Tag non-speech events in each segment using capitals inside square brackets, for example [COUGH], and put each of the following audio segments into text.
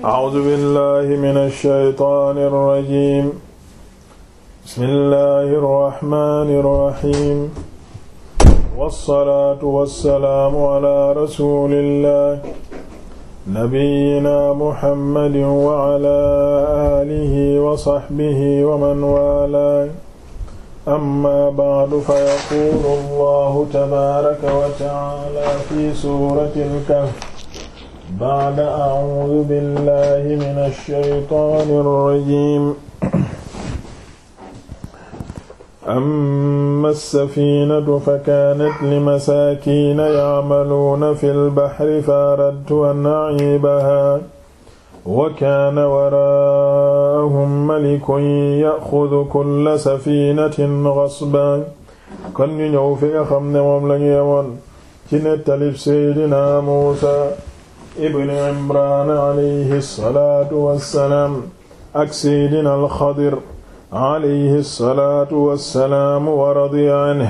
A'uuzu billaahi mina shaytaani rajiim. Bismillaahi rahmaani rahiim. Wassalaatu wassalaamu alaa rasuulillah. Nabiyyinaa Muhammadin wa alaa aalihi wa sahbihi wa man waalaahu. Ammaa ba'du fayaquulu Allaahu tabaaraka wa ta'aalaa fi suuratil kahf. baada a'uudu billahi mina shaytaani rajiim amma safiinatu fakaanat limasaakiina ya'maluuna fil bahri faaradtu an a'iibahaa wa kaana waraa'ahum malikun ya'xudu kulla safiinatin ghasban kon ñu ñëw fi nga xam ne moom lañu yemoon ci nettalib Seydina Muusaa ibn imran alayhi salaatu wassalaam ak seydina alxadir alayhi salaatu wassalaam wa radiya anhu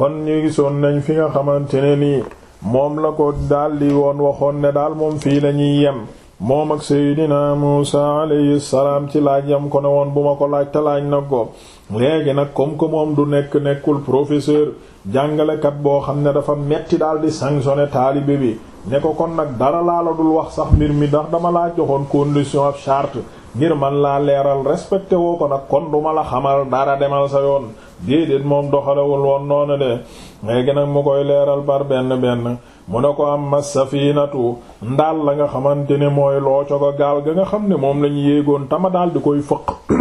kon ñu gisoon nañ fi nga xamante ne nii moom la ko daldi woon waxoon ne daal moom fii la ñuy yem moom ak seydina Muusa alayhi salaam ci laaj yam ko ne woon bu ma ko laaj te laaj na ko léegi nag comme que moom du nekk nekkul professeur jàngalekat boo xam ne dafa metti daal di sanctionner taalibe bi ne ko kon nag dara laa la dul wax sax mbir mi ndax dama laa joxoon condition ab chart ngir man laa leeral respecté woo ko nag kon duma la xamal dara demal sa yoon déedéet moom doxalewul woon noonu de léegi nag mu koy leeral par benn benn mu ne ko am ma safinatu ndaal la nga xamante ne mooy looco a gaal ga nga xam ne moom lañu yéegoon tama daal di koy fëq [CLEARS THROAT]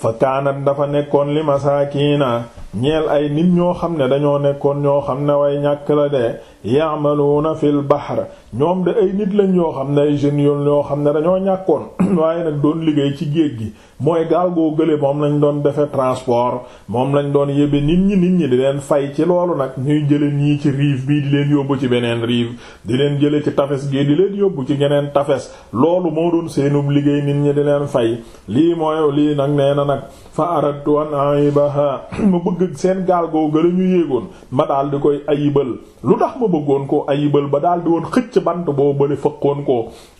fa kaanat dafa nekkoon li ma masaakiina ñeel ay nit ñoo xam ne dañoo nekkoon ñoo xam ne way ñàkk la na ya'maluna fil bahr ñoom de ay nit lañ yoo xam ne ay jeunes yoon yoo xam ne dañoo ñàkkoon [CLEARS THROAT] waaye nag doon liggéey ci géej gi mooy gaal goo moom lañ doon defe transport moom lañ doon yebe nit ñi nit ñi di leen fay ci loolu nag ñuy jële ñii ci rive bii di leen yóbbu ci beneen rive di leen jële ci tafes gi di leen yóbbu ci geneen tafes loolu moo doon seenub liggéey nit ñi di leen fay lii mooy lii nag nee na nag fa aradtu ba ayibaha [CLEARS THROAT] ma bëgg seen gaal goo ñu yéegoon ma daal koy ayibal lu tax ma bëggoon koo ba daal bant boo bële fëqoon ko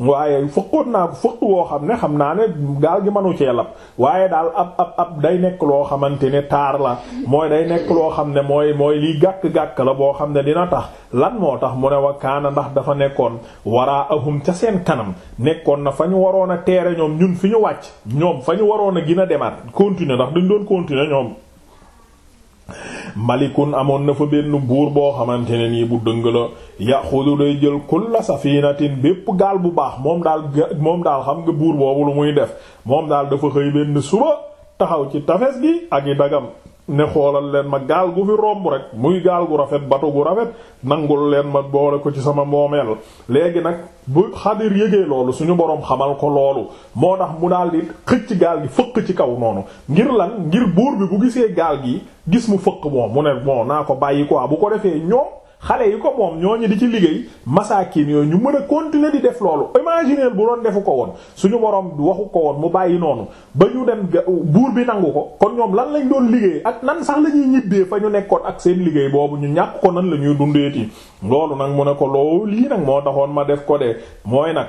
waaye fëqoon naa ko fëq woo xam ne xam naa ne gaal gi manu cee lab waaye daal ab ab ab day nekk loo xamante ne taar la mooy day nekk loo xam ne mooy mooy liy gàkk-gàkk la boo xam ne dina tax lan moo tax mu ne wa kaana ndax dafa nekkoon waraa ahum ca seen kanam nekkoon na fa ñu waroon a teere ñoom ñun fi ñu wàcc ñoom fa ñu waroon a gën a demaat continuer ndax dañ doon continuer ñoom malikun amoon na fa benn buur boo xamante ne nii bu dëng la yaxudu day jël kulla safinatin bépp gaal bu baax moom daal moom daal xam nga buur boobu lu muy def moom daal dafa xëy benn suba taxaw ci tafes gi ak i dagam ne xoolal leen ma gaal gu fi romb rek muy gaal gu rafet bato gu rafet nangul leen ma boole ko ci sama moomeel léegi nag bu xadir yëgee loolu suñu boroom xamal ko loolu moo tax mu daal di xëcc gaal gi fëkk ci kaw noonu ngir lan ngir buur bi bu gisee gaal gi gis mu fëkk moom mu ne bon naa ko bàyyi quoi bu ko defee ñoom xale yi ko moom ñooñu di ci liggéey masaakin yooyu ñu mën a continuer di def loolu imaginer bu doon defu ko woon suñu borom waxu ko woon mu bàyyi noonu ba ñu dem buur bi nangu ko kon ñoom lan lañ doon liggéey ak nan sax la ñuy ñibbee fa ñu nekkoon ak seen liggéey boobu ñu ñàkk ko nan la ñuy yi loolu nag mu ne ko loolu lii nag moo taxoon ma def ko de mooy nag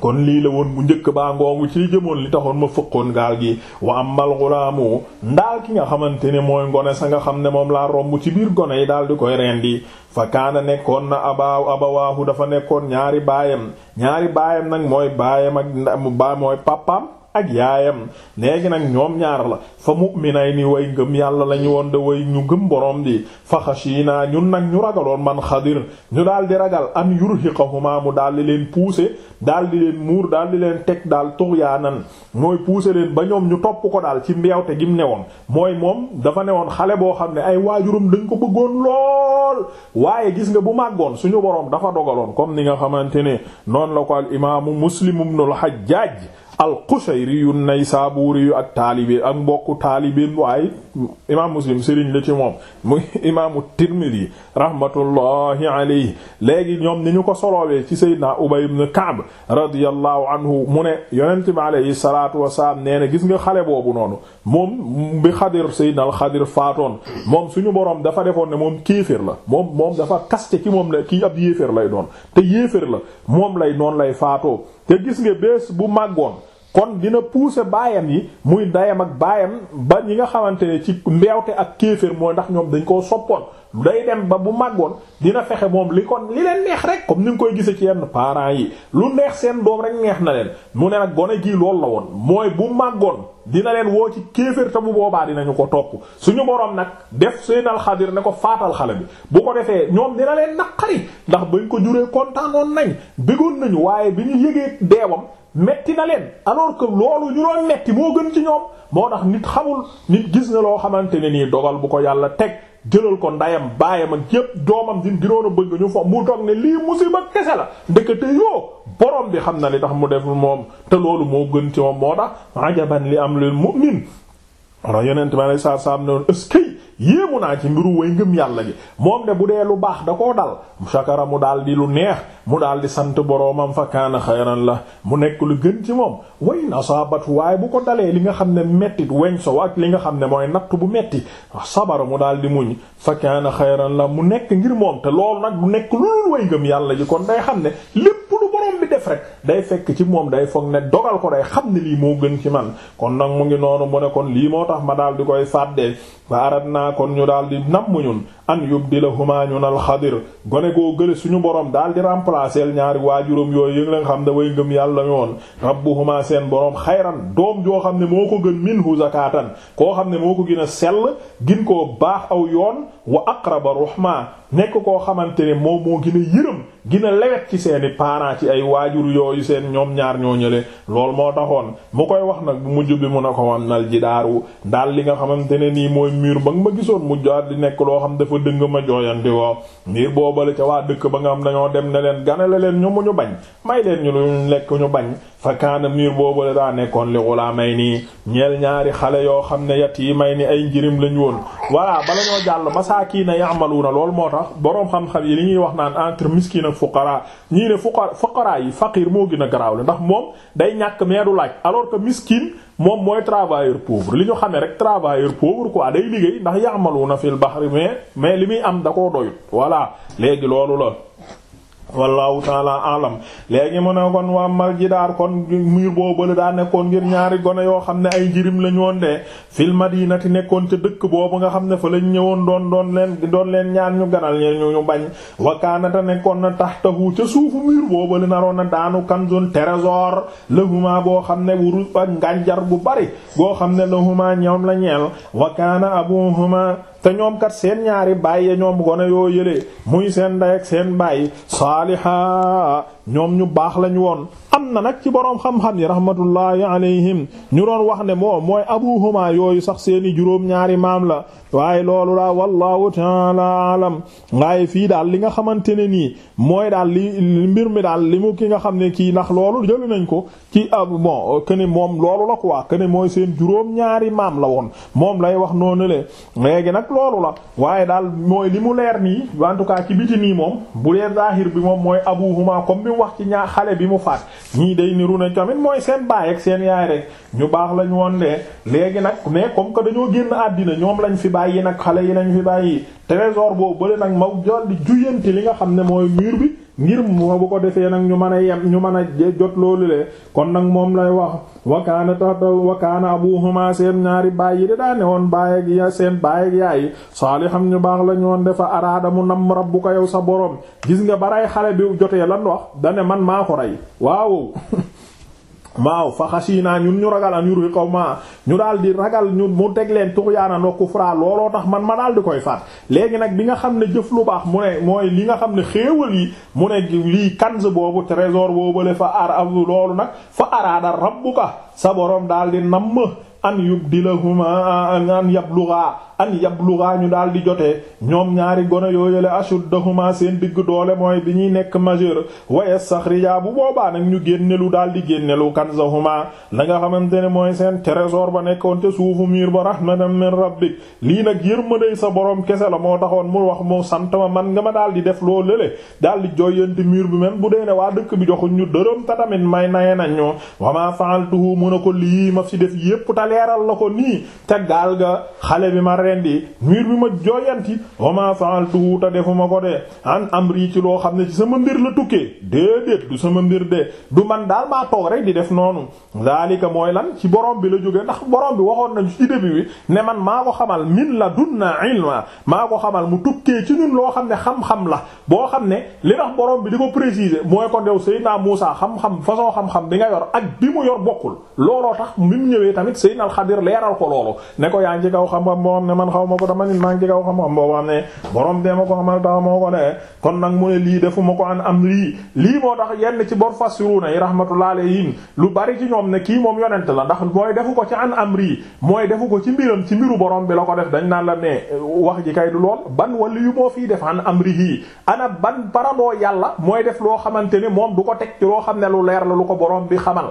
kon lii la woon bu njëkk baa ngoongu ci jëmoon li taxoon ma fëqoon gaal gi wa amal xulaamu ndaal ki nga xamante ne mooy ngone sa nga xam ne moom laa romb ci biir gone yi daal di koy reen rendi fa kaana nekkoon na abaaw abawaahu dafa nekkoon ñaari baayam ñaari baayam nag mooy baayam ak ba mooy pappaam ak yaayam léegi nag ñoom ñaar la fa mu mu'minay ni way ngëm yàlla lañu woon de way ñu gëm borom di fa xashiina ñun nag ñu ragaloon man xadir ñu daal di ragal an yurhiqahuma mu daal di leen pousser daal di leen muur daal di leen teg daal tughyanan mooy pousser leen ba ñoom ñu topp ko daal ci mbeewte gi mu newoon mooy moom dafa newoon xale boo xam ne ay waaye gis nga bu màggoon suñu boroom dafa dogaloon comme ni nga xamante ne noonu la ko al imaamu muslim ibnul hajjaaj al-Qushayri yu Naysaburi yu ak taalibe ak mbokku taalibeem waaye imaam Muslim sëriñ la ci moom muy imaamu Tirmidhi rahmatullahi alayhi léegi ñoom ni ñu ko soloowee ci Seydina Ubay ibn Ka'b radiyallahu anhu mu ne yonent bi alayhi salaatu wasalaam nee na gis nga xale boobu noonu moom bi Xadir Seydina al-Xadir faatoon moom suñu borom dafa defoon ne moom kéefër la moom dafa kaste ci moom la kii ab yéefër lay doon te yéefër la moom lay noonu lay faatoo te gis nga bés bu màggoon kon dina pousser baayam yi muy dayam ak baayam ba ñi nga xamante ne ci mbeewte ak kéefër mooy ndax ñoom dañ koo soppoon day dem ba bu màggoon dina fexe moom li kon li leen neex rek comme ni nga koy gisee ci yenn parents yi lu neex seen doom rek neex na leen mu ne nag gone gii loolu la woon mooy bu màggoon dina leen woo ci kéefër te bu boobaa dinañu ko topp suñu borom nag def seen alxadir ne ko faatal xale bi bu ko defee ñoom dina leen naqari ndax bañ ko juree kontaanoon nañ bëggoon nañu waaye bi ñu yëgee deewam metti na leen alors que loolu ñu doon metti moo gën ci ñoom moo tax nit xamul nit gis na loo xamante ne nii dogal bu ko yàlla teg jëlal ko ndayam baayam ak yépp doomam di gënoon a bëgg ñu fa mu toog ne lii musiba kese la ndekete yoo borom bi xam na li tax mu def moom te loolu moo gën ci moom moo tax ajaban li am lil mu'min ra yonent ma lay saar saam ne woon yéemu naa ci mbiru way ngëm yàlla gi moom de bu dee lu baax da koo dal shakara mu daal di lu neex mu daal di sant boroomam fa kaana xayran la mu nekk lu gën ci moom way nasaabat waaye bu ko dalee li nga xam ne mettit weñ so ak li nga xam ne mooy natt bu metti sabara mu dal di muñ fa kaana xayran la mu nekk ngir moom te loolu nag du nekk lu way ngëm yàlla ji kon day xam ne lépp lu borom bi def rek day fekk ci moom day foog ne dogal ko day xam ne lii moo gën ci man kon nag mu ngi noonu mu ne kon lii moo tax ma daal di koy fàddee fa arat naa kon ñu daal di nam ñun an yubdilahuma ñun alxadir gone goo gële suñu borom daal di remplacer ñaari waajuram yooyu yëngi leen xam ne way ngëm yàlla mi woon rabbuhuma seen borom xayran doom joo xam ne moo ko gën minhu zakatan koo xam ne moo ko gën a sell gin koo baax aw yoon wa aqraba ruhma a a lewet ci seeni waajur yooyu seen ñoom ñaar ñoo ñële lool moo taxoon mu koy wax nag bu mujj bi mu ne ko am nal ji daaru daal li nga xamante ne nii mooy mur ba nga ma gisoon mujj di nekk loo xam dafa dëng ma jooyanti woo mur boobale ca waa dëkk ba nga xam dañoo dem ne leen ganale leen ñu mu ñu bañ may leen ñu luñ lekk ñu bañ fa kaana mur boobale daa nekkoon li wulaa may nii ñeel ñaari xale yoo xam ne yat yi may ni ay njirim lañ woon voilà bala ñoo jàll masaakiina ya'maluna lool moo tax boroom xam-xam yi li ñuy wax naan entre miskin ak fuqara ñii ne fuqara yi faqiir moo gën a garaaw la ndax moom day ñàkk mais du laaj alors que miskin moom mooy travailleur pauvre li ñu xamee rek travailleur pauvre quoi day liggéey ndax na fil bahri mais mais li muy am da ko doyut voilà léegi loolu la wallahu taala alam léegi mu kon waa mal jidaar kon mur boobale daa nekkoon ngir ñaari gone yoo xam ne ay jirim la ñoon yi fil madinati nekkoon ca dëkk boobu nga xam ne fa lañ ñëwoon doon doon leen doon leen ñaan ñu ganal ñu ñu bañ wakaanata nekkoon na tax tahtahu ca suufu mur boobale naroon na daanu kanzun trésor lahuma boo xam ne wurus ak ngànjar bu bari goo xam ne lahuma ñoom la ñeel wakaana abuhuma te ñoom kat seen ñaari baay ya ñoom gone yoo yëlee muy seen nday ak seen baay saaliha ñoom ñu baax lañ woon am na nag ci boroom xam-xam yi rahmatullahi alayhim ñu doon wax ne moo mooy abuhuma yooyu sax seeni juróom-ñaari maam la waaye loolu laa wallahu taala alam waaye fii daal li nga xamante ne nii mooy daal li mbir mi daal li mu ki nga xam ne kii ndax loolu jëli nañ ko ci ab bon que moom loolu la quoi que ne mooy seen juróom-ñaari maam la woon moom lay wax noonu léegi nag loolu la waaye daal mooy li mu leer nii en tout cas ci nii moom bu dee zahir bi moom mooy abuhuma comme wax ci ñaa xale bi mu faat ñii day niru na tamit mooy seen baay ak seen yaay rek ñu baax lañ woon de léegi nag mais comme que dañoo génn àddina ñoom lañ fi bàyyi nag xale yi lañ fi bàyyi trésor boobu bële nag ma jol di juyante li nga xam ne mooy mur bi ngir moo bu ko defee nag ñu mën a yem ñu mën a jot loolu le kon nag moom lay wax wakaana tata wakaana abuhuma seen ñaari baay yi da daa ne woon baay ak ya seen baay ak yaay saaliham ñu baax la ñoon dafa araada mu nam ko yow sa boroom gis nga baray xale bi jotee lan wax dane man maa ko rey waaw [LAUGHS] waaw fa xasiina ñun ñu ragal an yur xaw ma ñu daal di ragal ñun mu teg leen tuxyaana no kufra looloo tax man ma daal di koy faat léegi nag bi nga xam ne jëf lu baax mu ne mooy li nga xam ne xéewal yi mu ne lii kanz boobu trésor boobule fa ar ab loolu nag fa araada rabbuka sa boroom daal di namm an yubdilahuma an yabluga an yablugha ñu daal di jotee ñoom ñaari gone yooyale ashuddahuma seen digg doole mooy bi ñuy nekk majeur waye saxrija bu boobaa nag ñu génnelu daal di génnelu kanzahuma la nga xamante ne mooy seen trésor ba nekkoon te suufu miir ba rahmatan min rabbik lii nag yërmande sa borom kese la moo taxoon mu wax moo sant ma man nga ma daal di def loo lële daal di joyanti miir bi même bu dee ne waa dëkk bi joxuñ ñu dërëm ta tamit may naye nañ ñu wama fa'altuhu mu ne ko lii ma fi def yépp ta leeral la ko nii rendi miir bi ma jooyanti wa ma fa'altu ta defuma ko de an amri ci loo xam ne ci sama mbir la tukkee déedéet du sama mbir de du man daal maa toog rek di def noonu zalika mooy lan ci borom bi la jógee ndax borom bi waxoon nañu ci bi ne man maa ko xamal min la dunna ilma maa ko xamal mu tukkee ci ñun loo xam ne xam-xam la boo xam ne li tax borom bi di ko préciser mooy ko ndew Seydina Muusa xam-xam façon xam-xam bi nga yor ak bi mu yor bokkul looloo tax mi mu ñëwee tamit Seydina Xadir leeral ko loolu ne ko yaa ngi man xaw ma ko dama nit maa ngi jëgaw xam-xam boo xam ne borom dee ma ko xamal tax moo ko ne kon nag mu ne lii defu ma ko an am lii lii moo tax yenn ci bor fassiruna yi rahmatullah alayhim lu bari la ndax mooy defu ko ci an am rii mooy defu ko ci mbiram la ko la ne wax ji kay du lool ban wala yu moo fii def an am rii ana ko la lu ko borom bi xamal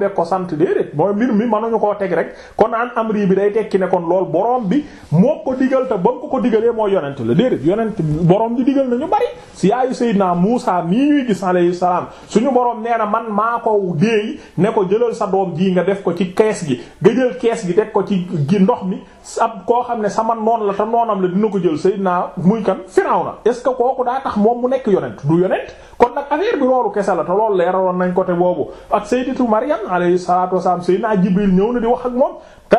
bee ko sant déedéet mooy mbir mi mënuñu koo teg rek kon an am rii bi day tekki ne kon lool borom bi moo ko digal te ba mu ko ko digalee moo yonent la déedéet yonent borom bi digal na ñu bari si yaayu Seydina Muusa mii ñuy gis alayhi salaam suñu borom nee na man maa ko déey ne ko jëlal sa doom jii nga def ko ci kees gi nga jël kees gi teg ko ci gi ndox mi ab koo xam ne sama noon la te noonam la dina ko jël Seydina muy kan Firawna est-ce que kooku daa tax moom mu nekk yonent du yonent kon nag affaire bi loolu kese la te loolu leeraloon nañ côté boobu ak Sayyidatu Maryam alayhi salaatu wasalaam Seydina Jibril ñëw na di wax ak moom te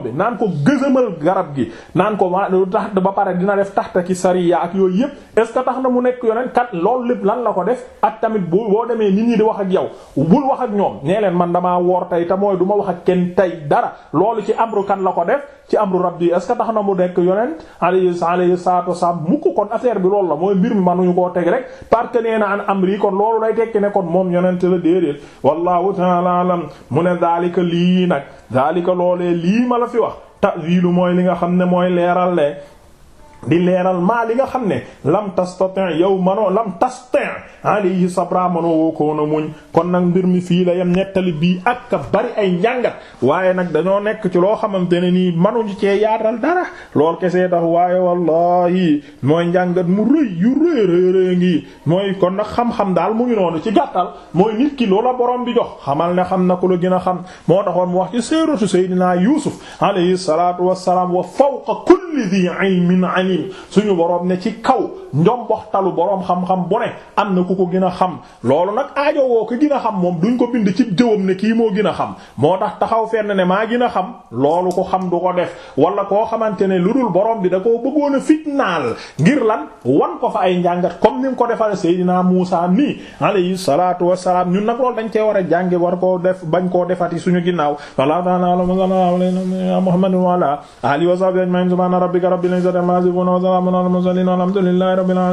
borom bi naan ko gëzëmal garab gi naan ko wa tax ba pare dina def taxta ci sariya ak yooyu yépp est ce que tax na mu nekk yoneen kat loolu lépp lan la ko def ak tamit bu boo demee nit ñi di wax ak yow bul wax ak ñoom nee leen man damaa woor tey te mooy du ma wax ak kenn tey dara loolu ci amru kan la ko def ci amru rabbi est ce que tax na mu nekk yoneen alayhi alayhi salaatu wasalaam mukk kon affaire bi loolu la mooy mbir mi manuñu koo teg rek parce que nee na an amri kon loolu lay tekki ne kon moom yonente la déedéet wallahu ta'ala alam mu ne daalika lii nag daalika loolee lii ma la fi wax ta'wilu mooy li nga xam ne mooy leeral le di leeral maa li nga xam ne lam tastatin yow manoo lam tastin alayhi sabra manoo woo ko woon kon nag mbir mi fii la yam nettali bii ak ka bari ay njàngat waaye nag dañoo nekk ci loo xamante ne nii manuñu cee yaatal dara lool kesee tax waaye wallahi mooy njàngat mu rëy yu rëy rëy rëy ngi mooy kon nag xam-xam daal mu ngi noonu ci gàttal mooy nit ki loola borom bi jox xamal ne xam na ko la gën a xam moo taxoon mu wax ci séeratu Seydina Yuusuf alayhi salaatu wassalaam wa fawqa kulli Xaliim suñu boroom ne ci kaw njomboxtalu boroom xam-xam bu am na ku ko gën a xam loolu nag aajo woo ko gën a xam moom duñ ko bind ci jëwam ne kii moo gën a xam moo tax taxaw fenn ne maa gën a xam loolu ko xam du ko def wala koo xamante ne lu dul boroom bi da koo bëggoon a fitnaal ngir lan wan ko fa ay njàngat comme ni mu ko defal Seydina Muusaa nii alayhi salaatu wassalaam ñun nag loolu dañ cee war a jànge a koo def bañ koo defati suñu ginnaaw wala wa ala alihi wa sahbihi ajma'in subhana rabbika rabbil wa salaamun alal mursaliin walhamdulillaahi rabbil aalamiin